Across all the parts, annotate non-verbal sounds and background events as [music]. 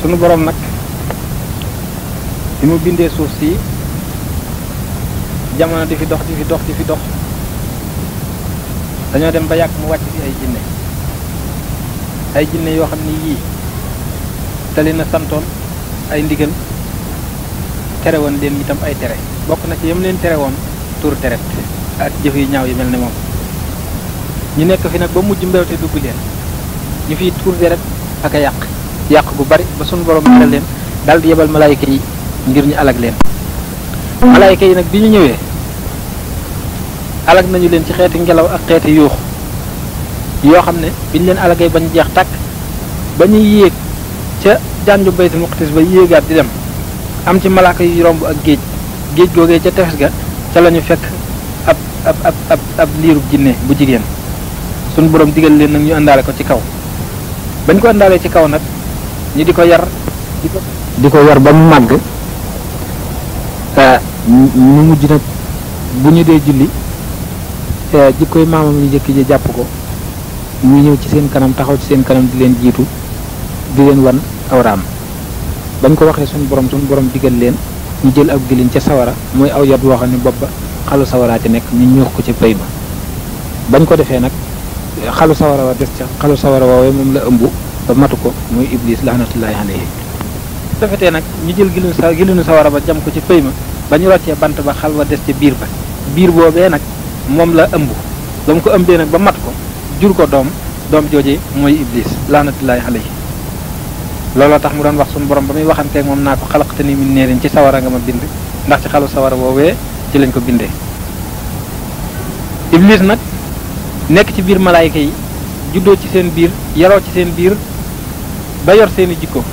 sunu borom nak bi bindé bindee suuf si jamono di fi dox di fi dox di fi dox dañoo dem ba yàgg mu wàcc fi ay jinne ay jinne yoo xam ni yii tali na santoon ay ndigal tere woon leen itam ay tere bokk na ci yam leen tere woon tur teret ak jëf yu ñaaw yi mel ne moom ñu nekk fi nag ba mujj mbewte dugg leen ñu fi tur deret ak a yàq yàq gu bari ba sunu borom xel leen dal di yebal malaayika yi ngir ñu alag leen malaayika yi nag bi ñu ñëwee alag nañu leen ci xeeti ngelaw ak xeeti yuux yoo xam ne biñ leen alagay bañ jeex tàkk ba ñuy yéeg ca janju baytul muqtis ba yéegaat di dem am ci malaaka yu romb ak géej géej googee ca tefes ga ca lañu fekk ab ab ab ab ab liirub jinne bu jigéen sun borom digal leen nag ñu àndaale ko ci kaw bañ ko àndaalee ci kaw nag ñi di kan? ko yar di ko yar ba mu màgg mu mujj nag bu ñu dee julli koy maamam ñu jëkk ji jàpp ko ñu ñëw ci seen kanam taxaw ci seen kanam di leen jiitu di leen wan awraam bañ ko waxee suñ borom suñ borom digal leen ñu jël ak gilin ca sawara mooy aw yab woo xam ne bopp xalu sawara ci nekk ñu ñuux ko ci pay ba bañ ko defee nag xalu sawara wa des ca xalu sawara way moom la ëmbu ba matu ko muy iblis lahnatullahi alayhi defete nak ñu jël gilu sa gilu wara ba jam ko ci ba ñu rocce bant ba xalwa dess ci bir ba bir bobé nak mom la ëmbu dama ko ëmbé nak ba mat ko jur ko dom dom jojé moy iblis lahnatullahi alayhi lolo tax mu doon wax sun borom ba muy waxante ak mom nako khalaqtani min neerin ci sawara nga ma bind ndax ci xalu sawara bobé ci lañ ko bindé iblis nak nek ci malai malaika yi juddo ci seen bir yaro ci seen bir ba yor seeni jikko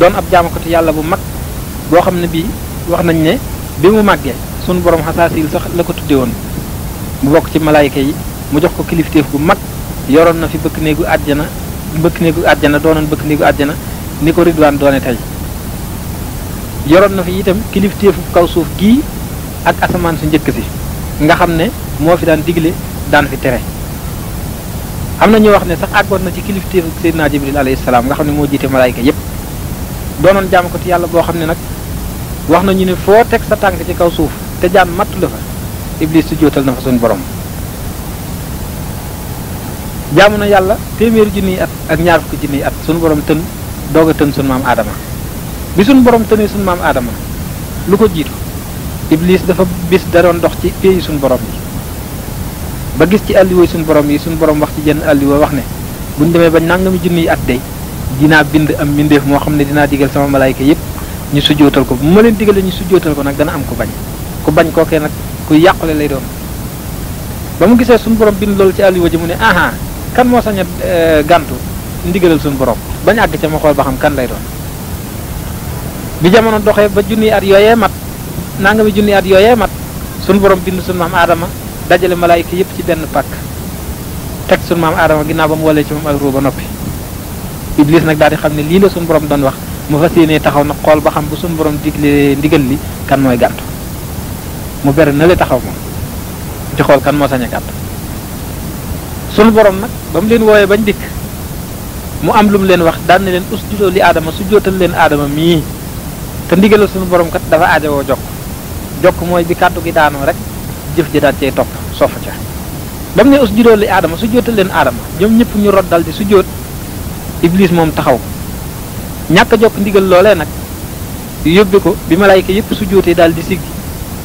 doon ab jaamukati yàlla bu mag boo xam ne bii wax nañ ne bi mu màggee sun borom xasaasil sax la ko tudde woon mu bokk ci malaayika yi mu jox ko kilifteef bu mag yoroon na fi bëkk néegu àjjana bëkk néegu àjjana doonoon bëkk néegu àjjana ni ko ridwaan doone tey yoroon na fi itam kilifteefu kaw suuf gii ak asamaan su njëkk si nga xam ne moo fi daan digle daan fi tere am na ñu wax ne sax àggoon na ci kilifteef Seydina Jibril alayhi salaam nga xam ne moo jiite malaayka yépp doonoon jaam ko ci yàlla boo xam ne nag wax na ñu ne foo teg sa tànk ci kaw suuf te jaan mattu la fa iblis su na fa suñu borom jaamu na yàlla téeméeri junniy at ak ñaar fukki junniy at sunu borom tën doog a tën suñu maam aadama bi suñu borom tënee suñu maam aadama lu ko jiitu iblis dafa bis da doon dox ci pays suñu borom yi ba gis ci way sun borom yi sun borom wax ci jenn alliwa wax ne buñ demee ba nangami junni at day dinaa bind am mindeef moo xam ne dinaa digal sama malaayka yépp ñu sujjootal ko bu ma leen digalee ñu sujjootal ko nag dana am ko bañ ku bañ kookee nag ku yàqule lay doon ba mu gisee sun borom bind loolu ci ji mu ne aha kan moo sañ a eh, gàntu ndigalal suñu borom bañ àgg ca ma xool ba xam kan lay doon bi jamono doxee ba junni at yooyee mat nangami junni at yooyee mat sun borom bind sun maam aadama dajale malaayika yëpp ci benn pàkk teg sunu maam aadama ginnaaw ba mu walee ci moom ak ruu ba noppi iblis nag daal di xam ne lii la suñu borom doon wax mu fas yéenee taxaw nag xool ba xam bu suñu borom digle ndigal li kan mooy gàntu mu bere na taxaw moom ci kan moo sañ sunu borom nag ba leen wooyee bañ dikk mu am lu mu leen wax daan na leen usjudoo li aadama su jootal leen aadama mii te ndigalal suñu borom kat dafa aajowoo jokk jokk mooy bi kàddu gi daanoo rek jëf ji daal cay topp sofa ca bam ne usjudoo li aadama su jootal leen aadama ñoom ñëpp ñu rod dal di su joot iblis moom taxaw ñàkk a jokk ndigal loolee nag yóbbi ko bi malayka yépp su jootee daal di siggi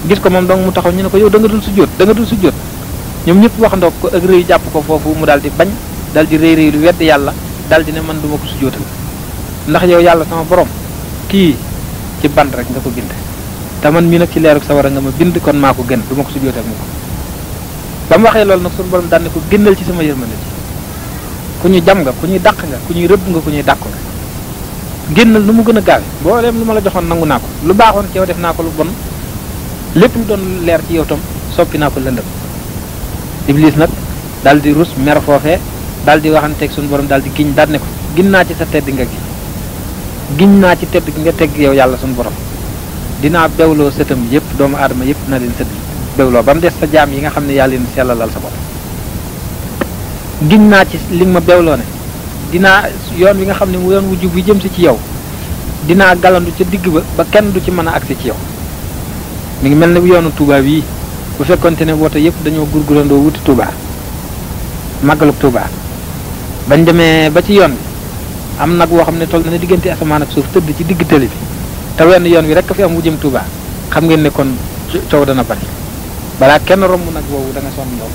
gis ko moom dong mu taxaw ñu ne ko yow da nga dul su joot da nga dul su joot ñoom ñëpp wax ndok ko ak rëy jàpp ko foofu mu daal di bañ daal di rëy rëy lu wedd yàlla daal di ne man duma ko su jootal ndax yow yàlla sama borom kii ci band rek nga ko bind te man mii nag ci leerug sawara nga ma bind kon maa ko gën du ko sujjóot ak mu ko ba mu waxee loolu nag suñu borom daan ne ko génnal ci sama yërmande ci ku ñu jam nga ku ñuy dàq nga ku ñuy rëbb nga ku ñuy dàq nga génnal nu mu gën a gaawe mbooleem lu ma la joxoon nangu naa ko lu baaxoon ci yow def naa ko lu bon lépp lu doon leer ci yow tam soppi naa ko lëndëm iblis nag daal di rus mer foofee daal di waxanteeg suñu borom daal di giñ daan ko giñ naa ci sa tedd nga gi giñ naa ci tedd gi nga teg yow yàlla suñu borom dina bewlo setam yep doomu adama yep na leen sëdd bewloo bam mu sa jaam yi nga xamne ne yaa leen sellalal sa bop ginna ci li ma ne dina yoon wi nga xamne mu yoon wu jub jëm si ci yow dina galandu ci digg ba ba kenn du ci mën aksi ci yow mi ngi melni yoonu tuba bii bu fekkonte ne wota yep dañoo gurgurando wuti tuba màggaluk tuba bañ demee ba ci yoon am nak wo xamne ne na digënté asamaan ak suuf teud ci digg tëli bi te wenn yoon wi rek fi am wu jëm tubaa xam ngeen ne kon coow dana bari balaa kenn romb nag woowu da nga sonn lool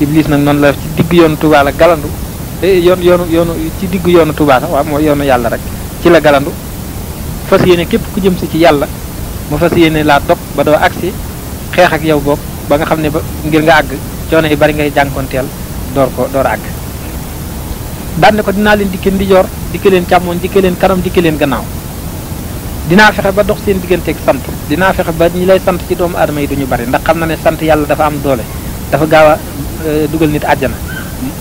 Iblis nag noonu la ci digg yoonu Touba la galandu eh, yoon yoonu yoonu ci digg yoonu tubaa sax waaw mooy yoonu yàlla rek ci la galandu fas yéene képp ku jëm si ci yàlla mu fas yéene laa dog ba doo agsi xeex ak yow boog ba nga xam ne ba ngir nga àgg coono yi bari ngay jànkoonteel door ko door àgg daan ne ko dinaa leen dikkee ndijoor dikkee leen càmmoñ dikkee leen kanam dikkee leen gannaaw dina fexé ba dox seen ak sant dina fexé ba ñi lay sant ci doom aadama yi duñu bari ndax xamna né ne sant yalla dafa am doole dafa gawa duggal euh, dugal nit aljana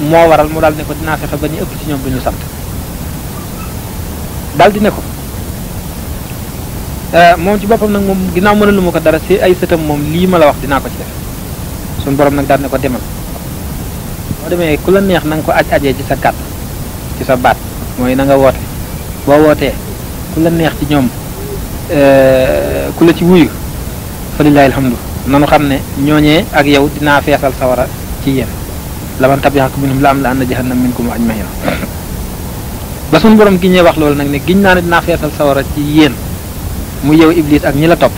mo waral mu dal ne ko dina fexé ba ñi ëpp ci ñom duñu sant dal di ne ko euh, moom ci bopam nak mom ginaaw mëna ma ko dara ci ay sëtam mom li ma la wax dina ko ci def sun borom nak dal ne ko demal boo démé ku la neex nang ko aj ajé ci sa kat ci sa baat moy na nga woote bo wootee ku la neex ci ñom Eh, ku la ci wuyu fa lillahi alhamdu nanu xam ne ñooñee ak yow dinaa feesal sawara ci yéen laman mu tabi'aka minhum la am la anna jahannam minkum ajmahin ba suñu borom gi ñee wax loolu nag ne giñ naa ne dinaa feesal sawara ci yéen mu yow iblis ak ñi la topp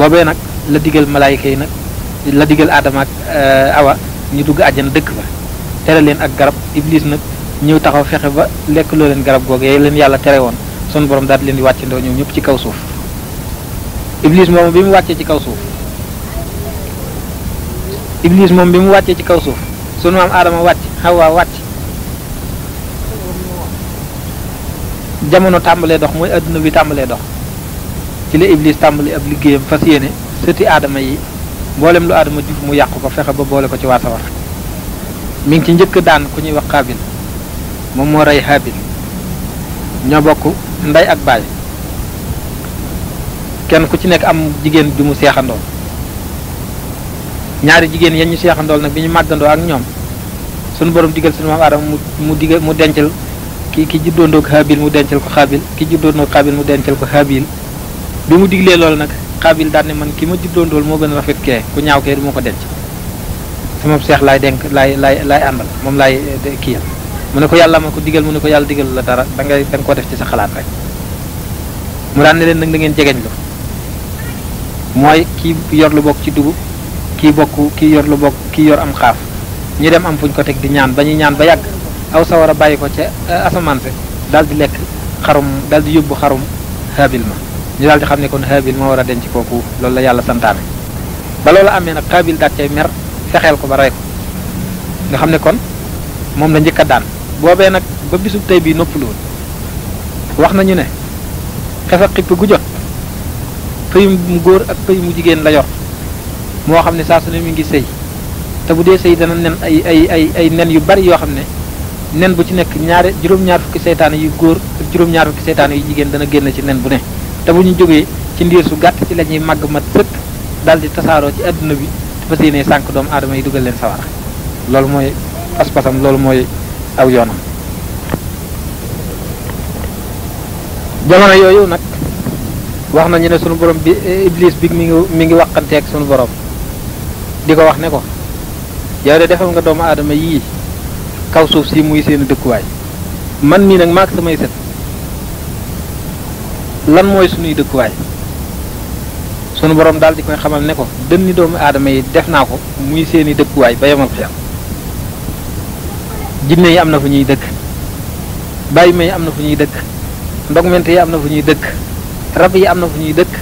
boobee nag la digal malaayika yi nag la digal aadama ak eh, awa ñu dugg àjjana dëkk ba tere leen ak garab iblis nag ñëw taxaw fexe ba lekk loo leen garab googu yooyu leen yàlla tere woon sun borom dal leen di wàcc ndoo ñoom ñëpp ci kaw suuf iblis moom bi mu wàccee ci kaw suuf iblis moom bi mu wàccee ci kaw suuf sun maam adama wàcc xawaa wàcc jamono tàmbalee dox mooy àdduna bi tàmbalee dox ci la iblis tàmbali ab liggéeyam fas yéene sëti aadama yi mboolem lu aadama juf mu yàqu ko fexe ba boole ko ci waa sawar mi ngi ci njëkk daan ku ñuy wax xaabil moom moo rey xaabil ñoo bokk nday ak baay kenn ku ci nekk am jigéen ju mu seexandool ñaari jigéen yeen ñu seexandool nag bi ñu màggandoo ak ñoom sunu borom digal sunu maam aadama mu mu digal mu dencal ki ki juddóondoog xaabil mu dencal ko xaabil ki juddóondoog xaabil mu dencal ko xaabil bi mu diglee loolu nag xaabil daal ne man ki ma juddóondool moo gën a rafet kee ku ñaaw kee du ma ko denc sama seex laay denk lay lay laay àndal moom laay eh, kii mu ne ko yàlla ma ko digal mu ne ko yàlla digal la dara da ngay da nga ko def ci sa xalaat rek mu daan leen nag da ngeen jegeñ lu mooy kii yor lu bokk ci dugub kii kii yor lu bokk kii yor am xaaf ñu dem am fuñ ko teg di ñaan ba ñuy ñaan ba yàgg aw sawara bàyyi ko ca eh, asamaan se dal di lekk xarum dal di yóbbu xarum habil ma ñu dal di xam kon habil ma war a denc kooku loolu la yàlla santaane ba loolu amee nag xaabil daat cay mer fexeel ko ba rey ko nga xam kon moom la njëkk daan boobee nag ba bisub tey bii noppaluwul wax nañu ne xef ak xipp gu jot pëyum mu góor ak pëy mu jigéen la yor moo xam ne saa su ne mi ngi sëy te bu dee sëy dana nen ay ay ay ay nen yu bari yoo xam ne nen bu ci nekk ñaari juróom-ñaar fukki seytaane yu góor ak juróom-ñaar fukki seytaan yu jigéen dana génn ci nen bu ne te bu ñu jógee ci ndiir su gàtt ci la ñuy màgg mat sëkk daal di tasaaroo ci àdduna bi te fas yéenee sànq doomu aadama yi dugal leen sawara loolu mooy pas loolu mooy aw yoonam jamono yooyu nag wax nañu ne sunu borom bi iblis bi mi ngi mi ngi waxanteeg sunu borom di ko wax ne ko yow de defal nga doomu aadama yi kaw suuf si muy seeni dëkkuwaay man mii nag maak samay set lan mooy sunuy dëkkuwaay sunu borom daal di koy xamal ne ko dënni doomu aadama yi def naa ko muy seeni dëkkuwaay ba yemal xiyam jinne yi am na fu ñuy dëkk bàyyima yi am na fu ñuy dëkk ndogmente yi am na fu ñuy dëkk rab yi am na fu ñuy dëkk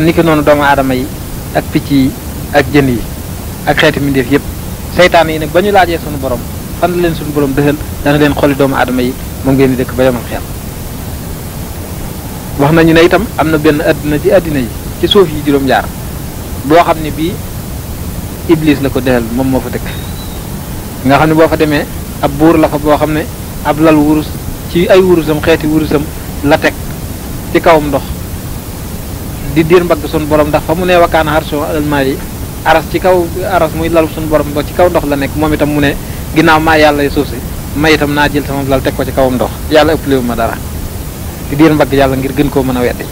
niki noonu doomu aadama yi ak picc yi ak jën yi ak xeeti mbindeef yëpp seytaan yi nag ba ñu laajee sunu borom fan la leen sunu borom dëxal dana leen xoli doomu aadama yi moom ngeen di dëkk ba yomal xel wax nañu ne itam am na benn àddina ci àddina yi ci suuf yi juróom-ñaar boo xam ne bii iblis la ko dëxal moom moo fa dëkk nga xam ne boo fa demee ab buur la fa boo xam ne ab lal wurus ci ay wurusam xeeti wurusam la teg ci kawam ndox di diir mbagg sun borom ndax fa mu ne wakkaan harso yi aras ci kaw aras muy lalu sun borom ba ci kaw ndox la nekk moom itam mu ne ginnaaw maa yàlla suuf si may itam naa jël sama lal teg ko ci kawam ndox yàlla ëpp léwu ma dara di diir mbagg yàlla ngir gën koo mën a weddi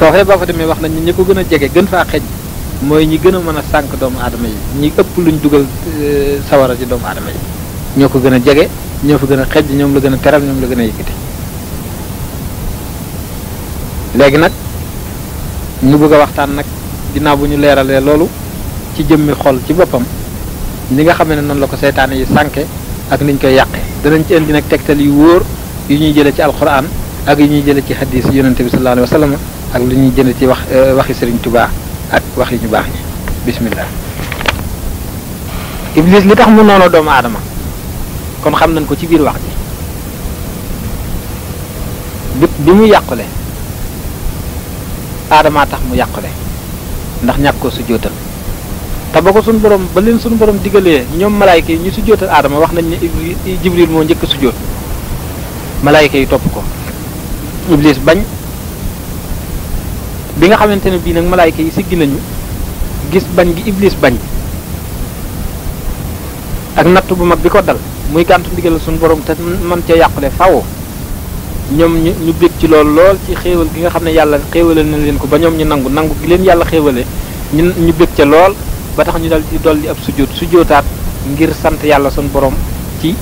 foofee boo fa demee wax nañ ñi ko gën a jege gën faa xej mooy ñi gën a mën a sànq doomu aadama yi ñi ëpp luñ dugal euh, sawara ci doomu aadama ñoo ko gën a jege ñoo fa gën a xejj ñoom la gën a teral ñoom la gën a yëkkati léegi nag ñu bëgg a waxtaan nag ginnaaw bu ñu leeralee loolu ci jëmmi xol ci boppam ni nga xam ne noonu la ko seytaane yi sànke ak niñ ko yàqe danañ ci indi nag tegtal yu wóor yu ñuy jëlee ci alquran ak yu ñuy jëlee ci hadis yonent bi sallallahu alayhi wa ak li ñuy jëlee ci wax euh, waxi Sëriñ Tubaa ak wax yi ñu baax ñi bismillah iblis li tax mu noonu doomu aadama comme xam nañ ko ci biir wax ji bët bi mu yàqule aadama tax mu yàqule ndax ñàkk ko su jóotal te ba ko sun borom ba leen sun borom digalee ñoom malaayka yi ñu su jóotal aadama wax nañ ne jibril moo njëkk su jóot malaayka yi topp ko iblis bañ bi nga ne bii nag malaika yi siggi nañu gis bañ gi iblis bañ ak natt bu mag bi ko dal muy gàntu ndigal suñu borom te man cee yàqule faw ñoom ñu ñu bég ci lool lool ci xéewal gi nga xam ne yàlla xéewale na leen ko ba ñoom ñu nangu nangu gi leen yàlla xéewale ñu ñu bég ca lool ba tax ñu dal di dolli ab sujjóot sujjóotaat ngir sant yàlla suñu borom ci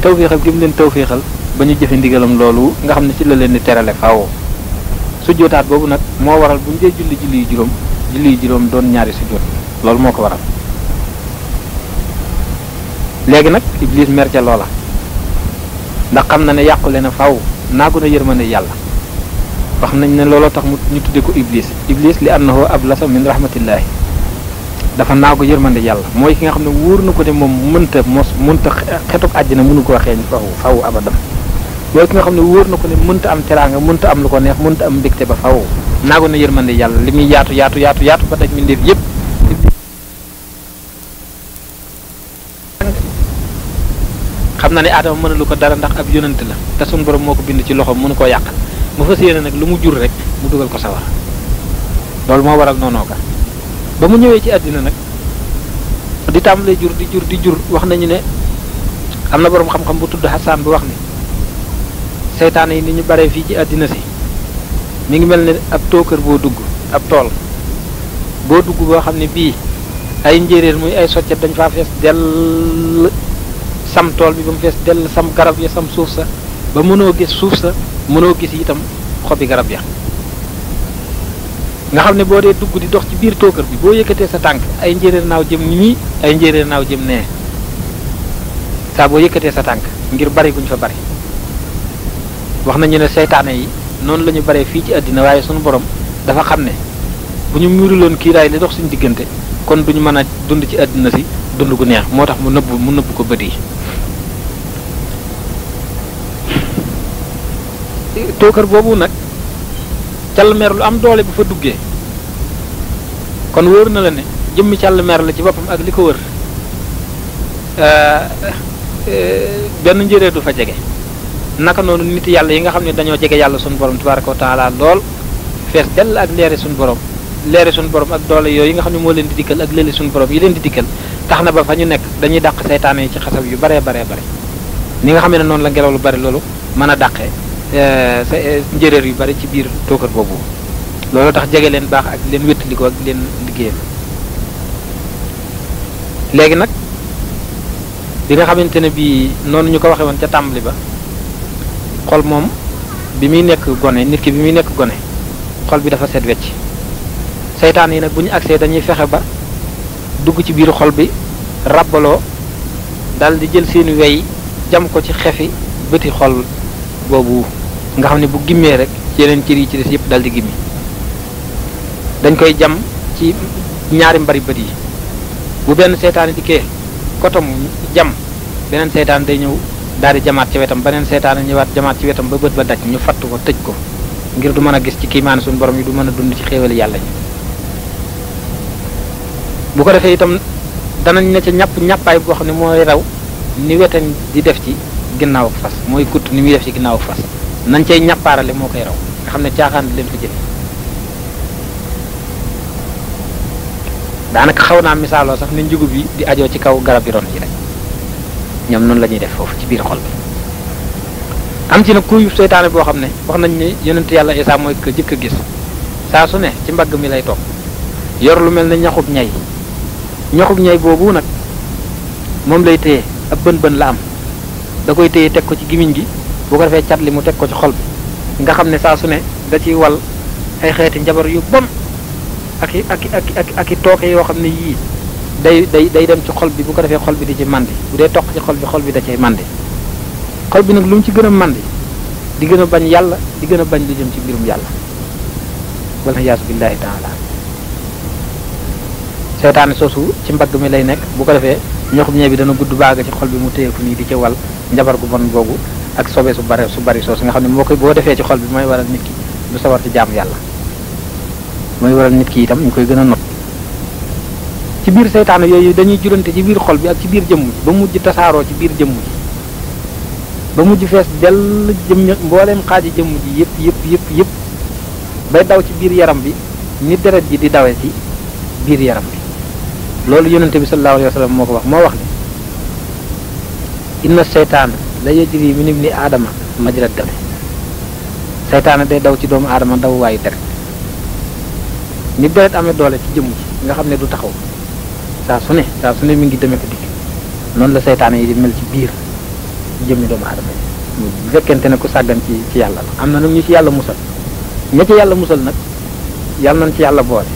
tawféexal gi mu leen tawféexal ba ñu jëfe ndigalam loolu nga xam ne ci la leen di terale faw sujjóotaat boobu nag moo waral bu ñu julli julli yu juróom julli yu juróom doon ñaari sujjóot loolu moo ko waral léegi nag Iblis mer ca loola ndax xam na ne yàqule na faw naagu na yërmande yàlla wax na ne looloo tax mu ñu tudde ko Iblis Iblis li annahu ablasa min rahmatillahi dafa naagu yërmande yàlla mooy ki nga xam ne wóor na ko ne moom mënta mos mënta xetuk àjjana mënu koo xeeñ faw faw abadam mooy ki nga xam na ko ne mënta am teraanga mënta am lu ko neex mënta am mbégte ba faw naagu na yërmande yàlla li muy yaatu yaatu yaatu yaatu ba daj mi ndéef yépp xamna ni adam aadama mënalu ko dara ndax ab yonent la ta sun borom moko ko bind ci loxom mënu koo yàq mu fas nak lu mu jur rek mu duggal ko sawar waral nono ka ba mu ñëwee ci adina nak di tamlé jur di jur di jur wax nañu ne amna borom xam-xam bu tuddu hasan bi wax ni setan yi ni ñu bare fi ci adina si mi ngi melni ab toker bo dugg ab tol bo dugg bo xamni bi ay njereer muy ay dañ fa fess del sam tool bi ba mu fees dell sam garab ya sam suuf sa ba mënoo gis suuf sa mënoo gis itam xobi garab ya nga xam ne boo dee dugg di dox ci biir tookar bi boo yëkkatee sa tànk ay njéeréer naaw jëm nii ay njéeréer naaw jëm nee saa boo yëkkatee sa tànk ngir bari guñ fa bari wax nañu ne seytaane yi noonu la ñu baree fii ci àddina waaye sunu borom dafa xam ne bu ñu muuruloon kiiraay li dox suñ diggante kon duñu mën a dund ci àddina si dund gu neex moo tax mu nëbb mu nëbb ko bët kër boobu nag càllmeer lu am doole bu fa duggee kon wóor na la ne jëmmi càllmeer la ci boppam ak li ko wër benn njëree du fa jege naka noonu nit yàlla yi nga xam ne dañoo jege yàlla suñu borom tabaraka wa taala lool fees dell ak leere suñu borom leere suñu borom ak doole yooyu nga xam ne moo leen di dikkal ak lële suñu borom yi leen di dikkal tax na ba fa ñu nekk dañuy dàq seytaane yi ci xasab yu baree baree bare ni nga xam ne noonu la ngelaw lu bari loolu mën a Euh, sa euh, njëréer yu bari ci biir tookar boobu loolu tax jege leen baax ak leen wéttaliko ak leen liggéeyal léegi nag bi nga xamante ne bii noonu ñu ko waxee woon ca tàmbali ba xol moom bi muy nekk gone nit ki bi muy nekk gone xol bi dafa set wecc seytaan yi nag bu ñu agsee dañuy fexe ba dugg ci biir xol bi ràbbaloo daldi jël seeni wey jam ko ci xefi bëti xol boobu nga xamne bu gimmé rek ci yenen ci ri ci def yépp daldi dañ koy jam ci ñaari mbari bët bu ben benn di dikkee kotom jam benen setan day ñew daari jamaat ci wetam beneen seetaan wat jamaat ci wetam ba bët ba dacc ñu ko tejj ko ngir du mën gis ci kiimaan suñu borom yi du mën dund ci xéewal yalla ñi bu ko defé itam danañ ne ci ñap ñapay bo xam moy raw ni di def ci ginnaw fas moy kutt ni mi def ci ginnaw fas nañ cay ñàppaarale moo koy raw nga xam ne caaxaan leen fa jëlee daanaka xaw naa misaaloo sax ni njugub yi di ajoo ci kaw garab yi ron yi rek ñoom noonu la ñuy def foofu ci biir xol bi am ci nag kuy seytaane boo xam ne wax nañ ne yonent yàlla Isaa mooy ko jëkk a gis saa su ne ci mbagg mi lay toog yor lu mel ne ñaxub ñay ñaxub ñay boobu nag moom lay téye ab bën bën la am da koy téye teg ko ci gimiñ gi bu ko defee cat li mu teg ko ci xol bi nga xam ne saa su ne da ci wal ay xeeti njabar yu bon ak ak ak ak ak i tooke yoo xam ne yii day day day dem ci xol bi bu ko defee xol bi di ci mandi bu dee toq ci xol bi xol bi da cay mandi xol bi nag lu mu ci gën a mandi di gën a bañ yàlla di gën a bañ lu jëm ci mbirum yàlla wala yaasu billahi taala seetaan sosu ci mbagg mi lay nekk bu ko defee ñoxum ñee bi dana gudd baaga ci xol bi mu téye ko nii di ca wal njabar gu bon googu ak sobe su bare su bari sos nga xamni mo koy bo defé ci xol bi moy waral nit ki du sawar ci jamm yalla moy waral nit ki itam ñu koy gëna a not ci biir setan yoyu dañuy jurante ci biir xol bi ak ci biir jëm ba mujj tasaaroo ci biir jëm ba mujj fess del jëm mbolem xaaji jëm ji yëpp yëpp yëpp yëpp bay daw ci biir yaram bi ni deret ji di dawé ci biir yaram bi loolu yonente bi sallallahu alayhi wasallam moko wax mo wax inna seytaana la yajri min ibni aadama majra dami seytaane day daw ci doomu aadama daw waayu deret ni deret amee doole ci jëmm ji nga xam ne du taxaw saa su ne saa su ne mi ngi demee ko dikk noonu la seytaane yi mel ci biir jëmmi doomu aadama yi bu fekkente ne ku sàggan ci ci yàlla la am na nag ñu ci yàlla musal ña ci yàlla musal nag yàlla nañ ci yàlla boole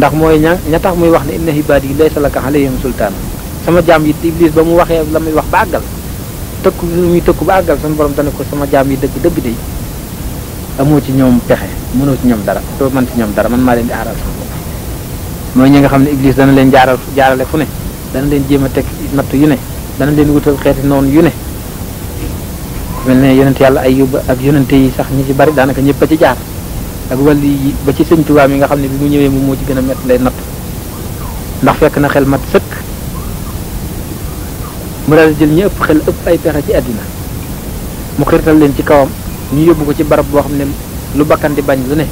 ndax mooy ña ña tax muy wax ne inna ibaadi laysa laka alayhim sultaan sama jaam yi iblis ba mu waxee la muy wax ba tëkku bi muy tëkku ba àggal suñu borom dana ko sama jaam yi dëgg dëgg de amoo ci ñoom pexe mënoo ci ñoom dara doo mën ci ñoom dara man maa leen di aaral sama bopp mooy ñi nga xam ne Iblis dana leen jaaral jaarale fu ne dana leen jéem a teg natt yu ne dana leen wutal xeeti noonu yu ne mel ne yonent yàlla ay yóbba ak yonente yi sax ñi ci bari daanaka ñëpp ci jaar ak wàllu yi ba ci sëñ Tuubaa mi nga xam ne bi mu ñëwee moom moo ci gën a métti lay natt fekk na xel mat sëkk mu jël ñi ëpp xel ëpp ay pexe ci àddina mu xirtal leen ci kawam ñu yóbbu ko ci barab boo xam ne lu bakkan di bañ lu ne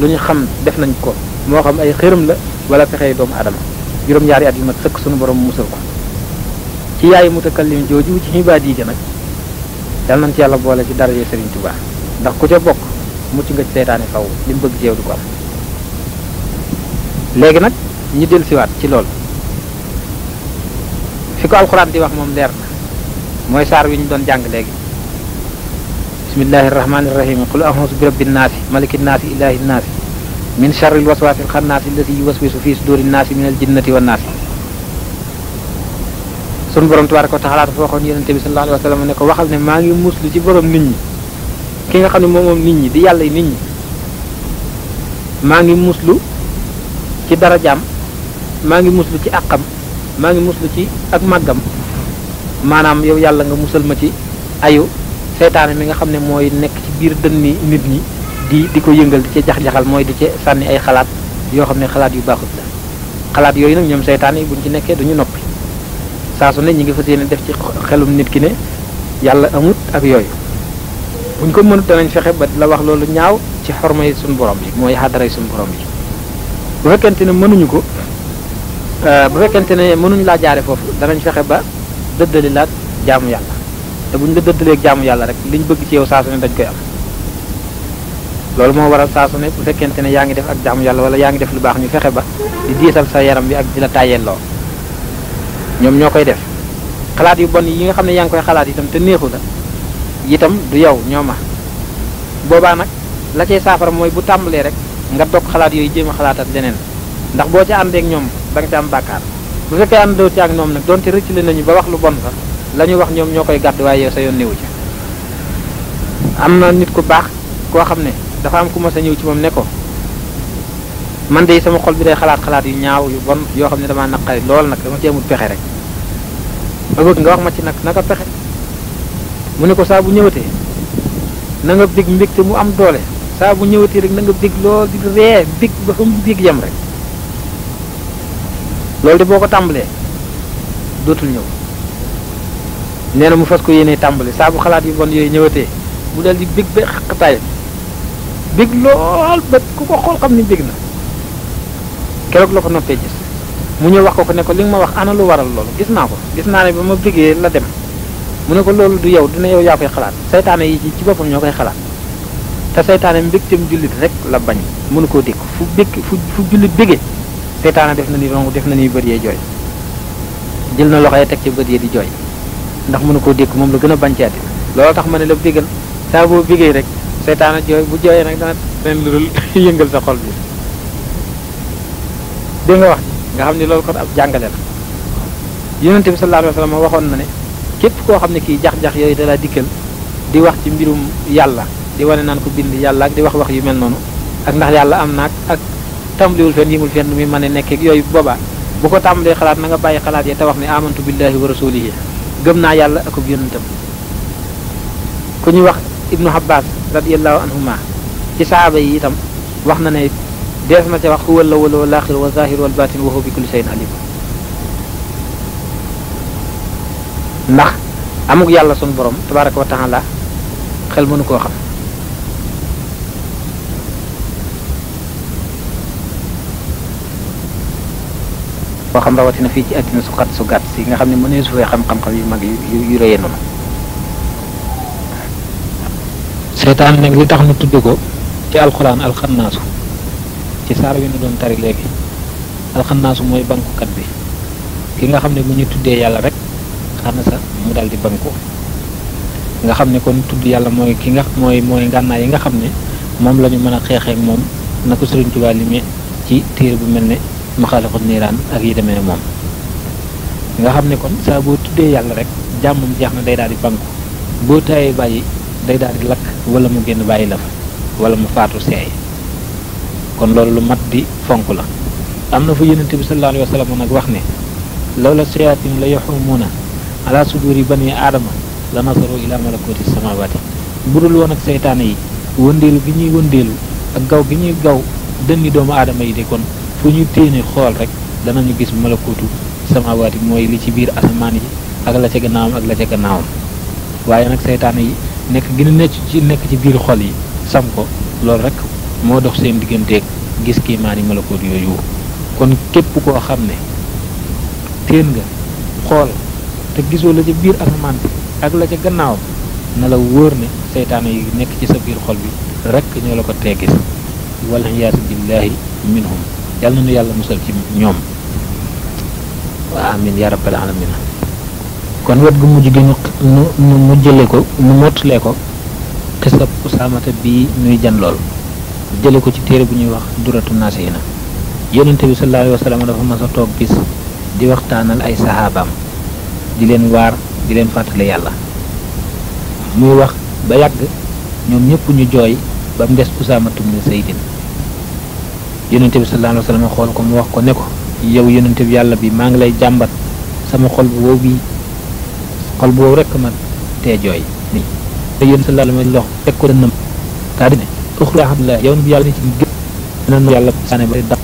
lu ñu xam def nañ ko moo xam ay xërëm la wala pexe doomu adama juróom-ñaari àddina sëkk sunu borom musal ko ci yaayu mutakallim jooju ci xibaar yi nag yal nañ ci yàlla boole ci daraje Serigne Touba ndax ku ca bokk mucc nga ci seytaane faw li mu bëgg jéew du ko am léegi nag ñu siwaat ci lool fi ko alquran di wax mom leer na moy sar wiñ doon jang legi bismillahir rahmanir rahim qul a'udhu bi rabbin nas malikin nas ilahin nas min sharri waswasil khannas Nasi, yuwaswisu fi sudurin nas min aljinnati wan nas sun borom tabaraka taala dafa waxon yenen tabi sallallahu alaihi wasallam ne ko waxal ne ma ngi muslu ci borom nit ñi ki nga xamni mom mom nit ñi di yalla nit ñi ma ngi muslu ci dara jam ma ngi muslu ci akam maa ngi muslu ci ak màggam maanaam yow yàlla nga musal ma ci ayu seytaane mi nga xam ne mooy nekk ci biir dënni nit ñi di di ko yëngal di ci jax-jaxal mooy di ci sànni ay xalaat yoo xam ne xalaat yu baaxut la xalaat yooyu nag ñoom seytaane yi buñ ci nekkee duñu noppi saa su ne ñi ngi fas yéene def ci xelum nit ki ne yàlla amut ak yooyu buñ ko mënut danañ fexe ba la wax loolu ñaaw ci xormay suñu borom yi mooy xàddaray suñu borom yi bu fekkente Euh, bu fekkente ne mënuñ laa jaare foofu danañ fexe ba dëddali la jaamu yàlla te buñ la dëddalee jaamu yàlla rek liñ bëgg ci yow saa su ne dañ koy am loolu moo waral saa su ne bu fekkente ne yaa ngi def ak jaamu yàlla wala yaa ngi def lu baax ñu fexe ba di diisal sa yaram bi ak di la tàyyelloo ñoom ñoo koy def xalaat yu bon yi nga xam ne yaa ngi koy xalaat itam te neexu la itam du yow ñoo ma boobaa nag la cay saafara mooy bu tàmbalee rek nga dog xalaat yooyu jéem a xalaatat leneen ndax boo ca àndeeg ñoom da nga ci am bàkkaar bu fekkee àndoo ci ak ñoom nag donte rëccale nañu ba wax lu bon sax la ñu wax ñoom ñoo koy gàdd waaye yow sa yoon néewu ci am na nit ku baax koo xam ne dafa am ku mas a ñëw ci moom ne ko man de sama xol bi day xalaat xalaat yu ñaaw yu bon yoo xam ne damaa naqari lool nag dama ci amul pexe rek ma bëgg nga wax ma ci nag naka pexe mu ne ko saa bu ñëwatee na nga bég mbégte mu am doole saabu bu ñëwatee rek na nga bég lool di ree bég mu bég yem lol de boko tambalé dotul ñew néna mu fas ko yéné tambalé sa bu xalaat yu bon yoy ñewaté mu dal di big be xataay big lol ba ku ko xol xam ni na kérok lako ko noppee gis mu ñew wax ko ko ne ko li nga ma wax ana lu waral lol gis na ko gis na né ba ma bégee la dem mu ne ko lol du yow dina yow ya koy xalaat saytane yi ci ci boppam ñoo koy xalaat te saytaane mbégteem julit rek la bañ mënu ko dik fu bég fu julit bigé seytaane def na ni rongu def na ni bët joy jël na loxo tek ci bët di joy ndax mënu ko dékk mom la gëna bañ ci àddina loolu tax mané la bëggal sa bo bigee rek seytaane joy bu joy nag dana ben lul [laughs] yëngal sa xol bi de nga wax nga xamni ne loolu kon ab jàngale la yonente bi sallallahu alayhi wasallam waxon na ne képp ko xamni ki kii jax-jax yooyu dalaa dikkel di wax ci mbirum yalla di wone nan ko bind yalla ak di wax wax yu mel nonu ak ndax yalla am nak ak tàmbaliwul fenn yimul fenn mi mane a nekkeeg yooyu boobaa bu ko tàmbalee xalaat na nga bàyyi xalaat ya te wax ne amantu billahi wa rasulihi gëm naa yàlla ak ub yonentam ku ñuy wax ibnu habbas radiallahu anhuma ci saaba yi itam wax na ne dees na ca wax huwa la wala wal axir wa zahir wal batin wa huwa bi kulli shay'in alim ndax amuk yàlla sun borom tabaraka wa taala xel mënu koo xam boo xam rawatina fii ci àddina su xat su gàtt si nga xam ne mënee su fee xam xam-xam yu mag yu yu rëy noonu seytaan nag li tax nu tudd ko ci alxuraan alxannaasu ci saar bi nu doon tari léegi alxannaasu mooy bankukat bi ki nga xam ne bu ñu tuddee yàlla rek xana sa mu daal di banku nga xam ne kon tudd yàlla mooy ki nga mooy mooy ngànnaay yi nga xam ne moom la ñu mën a xeexee moom na ko Sëriñ Tuubaa limee ci téere bu mel ne mu xalaxut niiraan ak yi demee moom nga xam ne kon saa tuddee yàlla rek jàmmam jeex na day daal di banku boo tayee bàyyi day daal di lakk wala mu génn bàyyi la fa wala mu faatu seey kon loolu lu mat di fonk la am na fu yonente bi sallallahu alayhi wa sallam wax ne lawla sayaatin la yaxumuuna ala suduri bani aadama la nasaru ila malakuti samawati budul woon ak seytaane yi wëndeelu gi ñuy wëndeelu ak gaw gi ñuy gaw dënni doomu aadama yi de fu ñu téene xool rek danañu gis malakutu samaawaati mooy li ci biir asamaan yi ak la ca gannaawam ak la ca gannaawam waaye nag seytaane yi nekk gi a nekk ci nekk ci biir xol yi sam ko loolu rek moo dox seen digganteeg gis kiimaani malakoot yooyu kon képp koo xam ne téen nga xool te gisoo la ca biir asamaan bi ak la ca gannaawam na la wóor ne seytaane yi nekk ci sa biir xol bi rek ñoo la ko teggis wala yaasu billaahi minhum yàlla na nu yàlla musal ci ñoom waa amin yaa rabbal alamin kon wet gu mujj gi ñu nu mujjale ko nu mottalee ko xisab usaamata bii nuy jan lool jële ko ci téere bu ñuy wax duratu naasihina yonente bi sallallahu alayhi wa dafa mas toog bis di waxtaanal ay saxaabaam di leen waar di leen fàttali yàlla muy wax ba yàgg ñoom ñëpp ñu jooy ba mu des usaamatum saydin yonente bi sallallahu alayhi wa sallam xool ko mu wax ko ne ko yow yonente bi yàlla bi maa ngi lay jàmbat sama xol bu wow bi xol bu wow rek ma tee jooy ni te yéen sallallahu alayhi bi yàlla ni ci gë na no yàlla saane ba da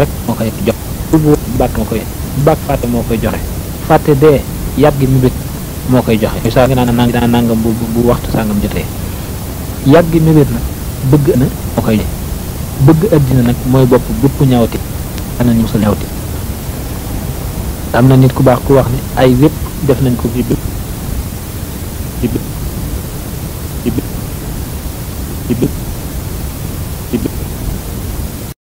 rek moo koy jox fàtte moo koy bàkk fàtte moo koy joxe fàtte dee yàgg mi bét moo koy joxe mooy saa nga naan nang nangam bu bu waxtu sàngam jotee yàgg mi bét bëgg na moo koy bëgg addina nag mooy bopp bépp ñawti am ñu mosul ñawti am na nit ku baax ku wax ne ay wépp def nañ ko ci bépp ci bépp